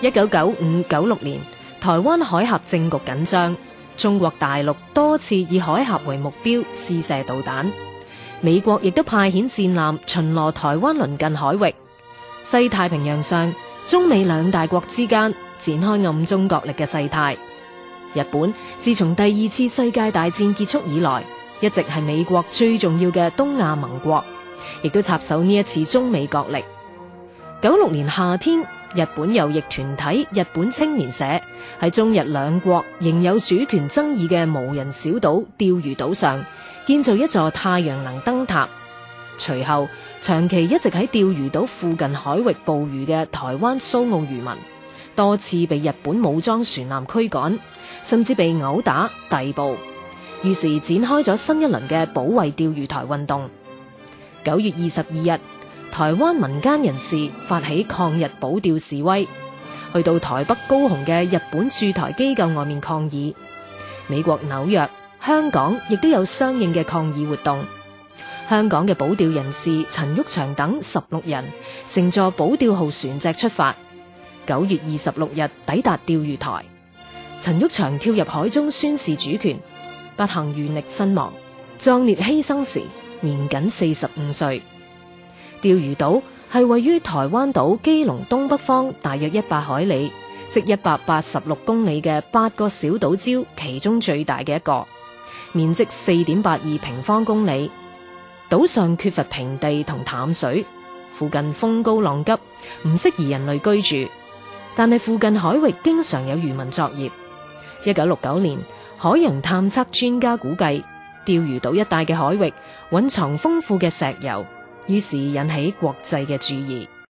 一九九五九六年，台灣海峽政局緊張，中國大陸多次以海峽為目標試射導彈，美國亦都派遣戰艦巡邏台灣鄰近海域。西太平洋上，中美兩大國之間展開暗中角力嘅勢態。日本自從第二次世界大戰結束以來，一直係美國最重要嘅東亞盟國，亦都插手呢一次中美角力。九六年夏天。日本右翼團體日本青年社喺中日兩國仍有主權爭議嘅無人小島釣魚島上建造一座太陽能燈塔。隨後，長期一直喺釣魚島附近海域捕魚嘅台灣蘇澳漁民多次被日本武裝船艦驅趕，甚至被毆打、逮捕。於是展開咗新一輪嘅保衛釣魚台運動。九月二十二日。台灣民間人士發起抗日保釣示威，去到台北高雄嘅日本駐台機構外面抗議。美國紐約、香港亦都有相應嘅抗議活動。香港嘅保釣人士陳毓祥等十六人乘坐保釣號船隻出發，九月二十六日抵達釣魚台。陳毓祥跳入海中宣示主權，不幸遇溺身亡，壯烈犧牲時，年僅四十五歲。釣魚島係位於台灣島基隆東北方大約一百海里，即一百八十六公里嘅八個小島礁其中最大嘅一個，面積四點八二平方公里。島上缺乏平地同淡水，附近風高浪急，唔適宜人類居住。但係附近海域經常有漁民作業。一九六九年，海洋探測專家估計釣魚島一帶嘅海域蘊藏豐富嘅石油，於是引起國際嘅注意。